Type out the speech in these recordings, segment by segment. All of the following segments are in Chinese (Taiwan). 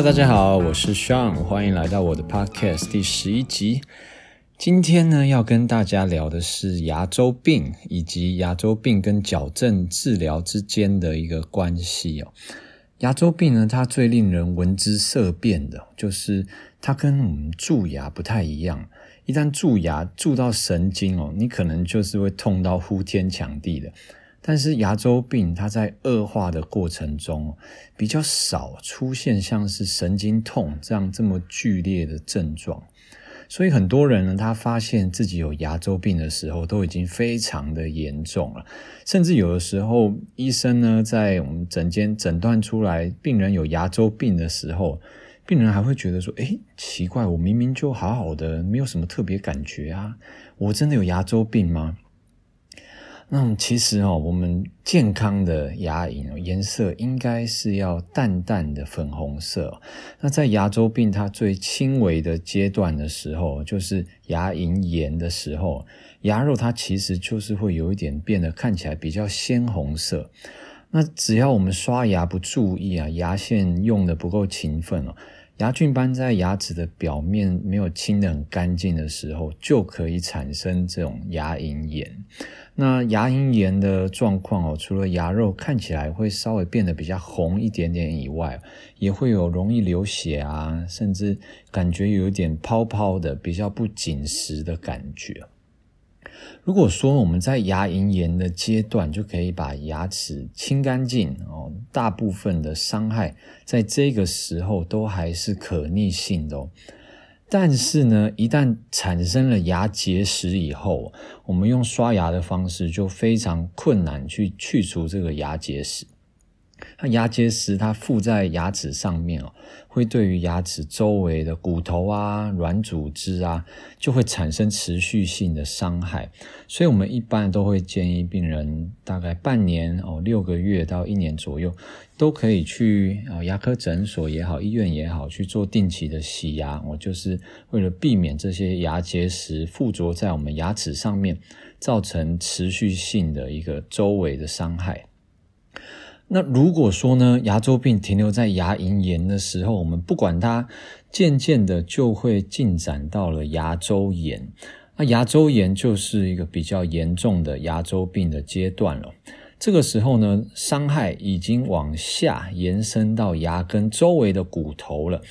Hello，大家好，我是 Sean，歡迎來到我的 Podcast 第十一集。今天呢，要跟大家聊的是牙周病以及牙周病跟矯正治療之間的一個關係哦。牙周病呢，它最令人聞之色變的，就是它跟我們蛀牙不太一樣。一旦蛀牙蛀到神經哦，你可能就是會痛到呼天搶地的。但是牙周病，它在惡化的過程中，比較少出現像是神經痛這樣這麼劇烈的症狀。所以很多人呢，他發現自己有牙周病的時候，都已經非常的嚴重了。甚至有的時候，醫生呢在我們診間診斷出來病人有牙周病的時候，病人還會覺得說：“欸，奇怪，我明明就好好的，沒有什麼特別感覺啊，我真的有牙周病嗎？”那、嗯、其實、哦、我們健康的牙齦顏色應該是要淡淡的粉紅色。那在牙周病它最輕微的階段的時候，就是牙齦炎的時候，牙肉它其實就是會有一點變得看起來比較鮮紅色。那只要我們刷牙不注意啊，牙線用的不夠勤奮哦，牙菌斑在牙齒的表面沒有清的很乾淨的時候，就可以產生這種牙齦炎。那牙齦炎的狀況哦，除了牙肉看起來會稍微變得比較紅一點點以外，也會有容易流血啊，甚至感覺有一點泡泡的，比較不緊實的感覺。如果說我們在牙齦炎的階段就可以把牙齒清乾淨哦，大部分的傷害在這個時候都還是可逆性的哦。但是呢，一旦產生了牙結石以後，我們用刷牙的方式就非常困難去去除這個牙結石。那牙結石，它附在牙齒上面哦，會對於牙齒周圍的骨頭啊、軟組織啊，就會產生持續性的傷害。所以，我們一般都會建議病人大概半年哦，六個月到一年左右，都可以去、哦、牙科診所也好，醫院也好，去做定期的洗牙。我、哦、就是為了避免這些牙結石附着在我們牙齒上面，造成持續性的一個周圍的傷害。那如果說呢，牙周病停留在牙齦炎的時候，我們不管它，漸漸的就會進展到了牙周炎。那牙周炎就是一個比較嚴重的牙周病的階段了。這個時候呢，傷害已經往下延伸到牙根周圍的骨頭了。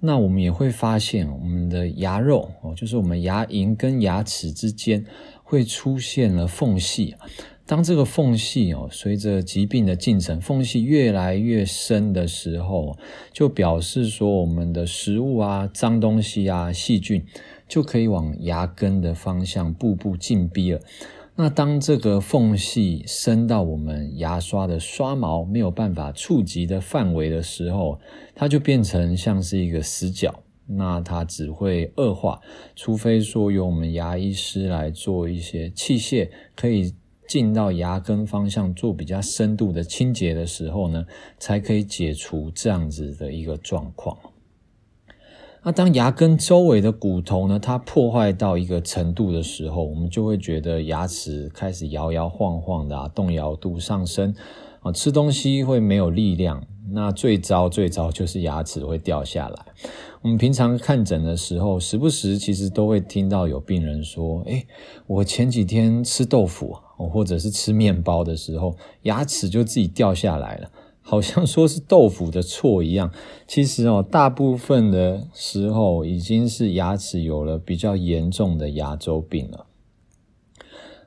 那我們也會發現，我們的牙肉就是我們牙齦跟牙齒之間會出現了縫隙。當這個縫隙哦，隨着疾病的進程，縫隙越來越深的時候，就表示說我們的食物啊、髒東西啊、細菌就可以往牙根的方向步步進逼了。那當這個縫隙深到我們牙刷的刷毛沒有辦法觸及的範圍的時候，它就變成像是一個死角，那它只會惡化，除非說由我們牙醫師來做一些器械可以。進到牙根方向做比較深度的清潔的時候呢，才可以解除這樣子的一個狀況。那、啊、當牙根周圍的骨頭呢，它破壞到一個程度的時候，我們就會覺得牙齒開始搖搖晃晃的啊，動搖度上升啊，吃東西會沒有力量。那最糟最糟就是牙齒會掉下來。我們平常看診的時候，時不時其實都會聽到有病人說：“誒，我前幾天吃豆腐或者是吃麵包的時候，牙齒就自己掉下來了，好像說是豆腐的錯一樣。”其實哦，大部分的時候已經是牙齒有了比較嚴重的牙周病了。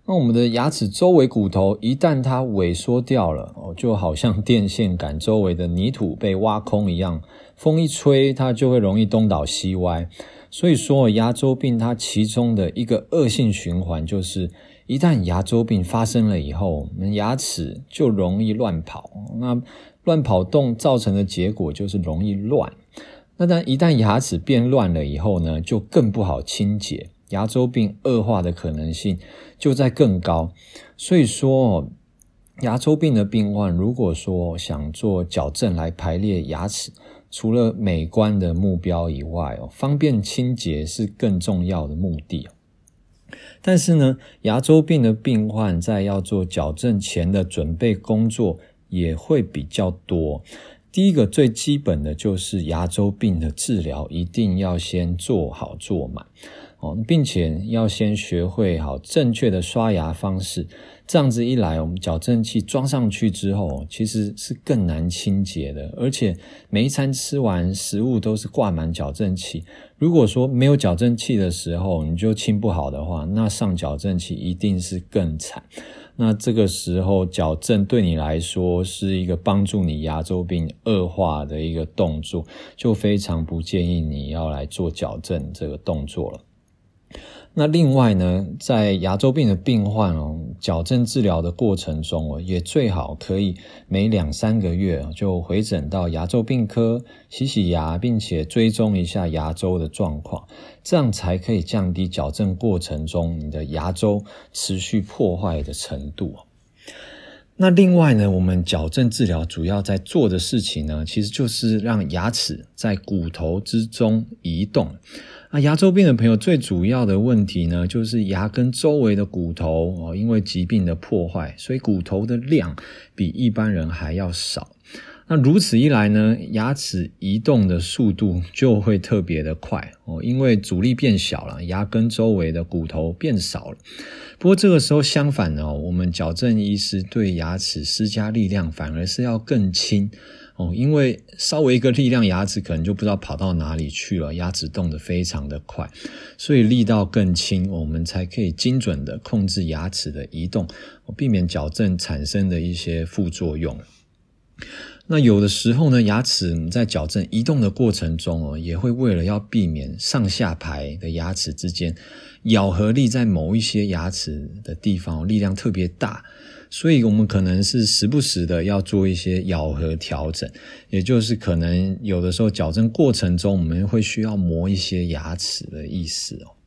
那我們的牙齒周圍骨頭一旦它萎縮掉了哦，就好像電線桿周圍的泥土被挖空一樣，風一吹它就會容易東倒西歪。所以說，牙周病它其中的一個惡性循環就是，一旦牙周病發生了以後，我們牙齒就容易亂跑。那亂跑動造成的結果就是容易亂。那但一旦牙齒變亂了以後呢，就更不好清潔。牙周病惡化的可能性就在更高，所以說，牙周病的病患如果說想做矯正來排列牙齒，除了美觀的目標以外，哦，方便清潔是更重要的目的。但是呢，牙周病的病患在要做矯正前的準備工作也會比較多。第一個最基本的就是牙周病的治療一定要先做好做滿。哦，並且要先學會好正確的刷牙方式，這樣子一來，我們矯正器裝上去之後，其實是更難清潔的。而且每一餐吃完食物都是掛滿矯正器。如果說沒有矯正器的時候你就清不好的話，那上矯正器一定是更慘。那這個時候矯正對你來說是一個幫助你牙周病惡化的一個動作，就非常不建議你要來做矯正這個動作。那另外呢，在牙周病的病患，哦，矯正治療的過程中，哦，也最好可以每兩三個月就回診到牙周病科，洗洗牙，並且追蹤一下牙周的狀況，這樣才可以降低矯正過程中你的牙周持續破壞的程度。那另外呢，我們矯正治療主要在做的事情呢，其實就是讓牙齒在骨頭之中移動。啊，牙周病的朋友最主要的問題呢，就是牙根周圍的骨頭哦，因為疾病的破壞，所以骨頭的量比一般人還要少。那如此一來呢，牙齒移動的速度就會特別的快哦，因為阻力變小了，牙根周圍的骨頭變少了。不過這個時候相反呢，哦，我們矯正醫師對牙齒施加力量，反而是要更輕。哦，因為稍微一個力量，牙齒可能就不知道跑到哪裡去了。牙齒動得非常的快，所以力道更輕，我們才可以精準的控制牙齒的移動，避免矯正產生的一些副作用。那有的時候呢，牙齒在矯正移動的過程中哦，也會為了要避免上下排的牙齒之間咬合力在某一些牙齒的地方哦，力量特別大，所以我們可能是時不時的要做一些咬合調整，也就是可能有的時候矯正過程中我們會需要磨一些牙齒的意思哦。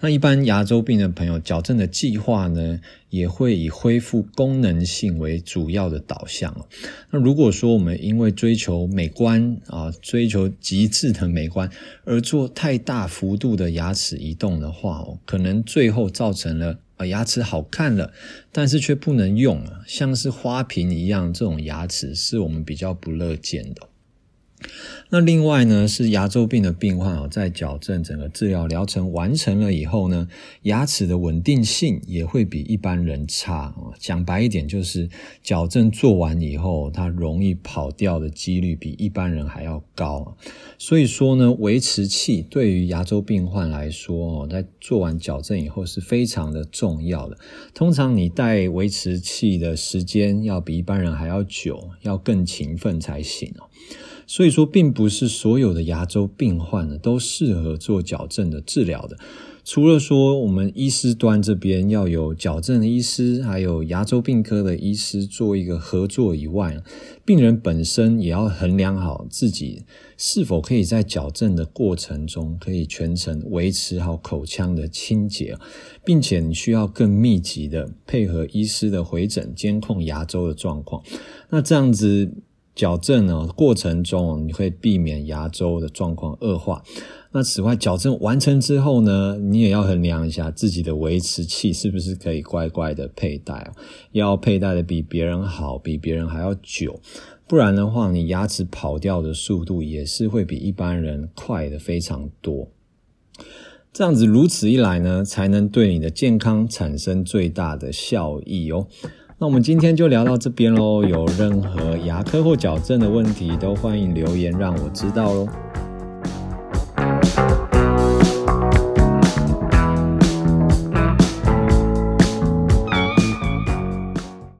那一般牙周病的朋友，矯正的計劃呢，也會以恢復功能性為主要的導向。那如果說我們因為追求美觀啊，追求極致的美觀而做太大幅度的牙齒移動的話，可能最後造成了啊，牙齒好看了，但是卻不能用啊，像是花瓶一樣，這種牙齒，是我們比較不樂見的。那另外呢，是牙周病的病患哦，在矯正整個治療療程完成了以後呢，牙齒的穩定性也會比一般人差哦。講白一點，就是矯正做完以後，它容易跑掉的幾率比一般人還要高哦。所以說呢，維持器對於牙周病患來說哦，在做完矯正以後是非常的重要的。通常你戴維持器的時間要比一般人還要久，要更勤奮才行哦。所以說，並不是所有的牙周病患都適合做矯正的治療的。除了說我們醫師端這邊要有矯正醫師，還有牙周病科的醫師做一個合作以外，病人本身也要衡量好自己是否可以在矯正的過程中可以全程維持好口腔的清潔，並且你需要更密集的配合醫師的回診監控牙周的狀況。那這樣子。矯正呢，過程中你會避免牙周的狀況惡化。那此外，矯正完成之後呢，你也要衡量一下自己的維持器是不是可以乖乖的佩戴。要佩戴的比別人好，比別人還要久。不然的話，你牙齒跑掉的速度也是會比一般人快的非常多。這樣子，如此一來呢，才能對你的健康產生最大的效益哦。那我們今天就聊到這邊嘍。有任何牙科或矯正的問題，都歡迎留言讓我知道嘍。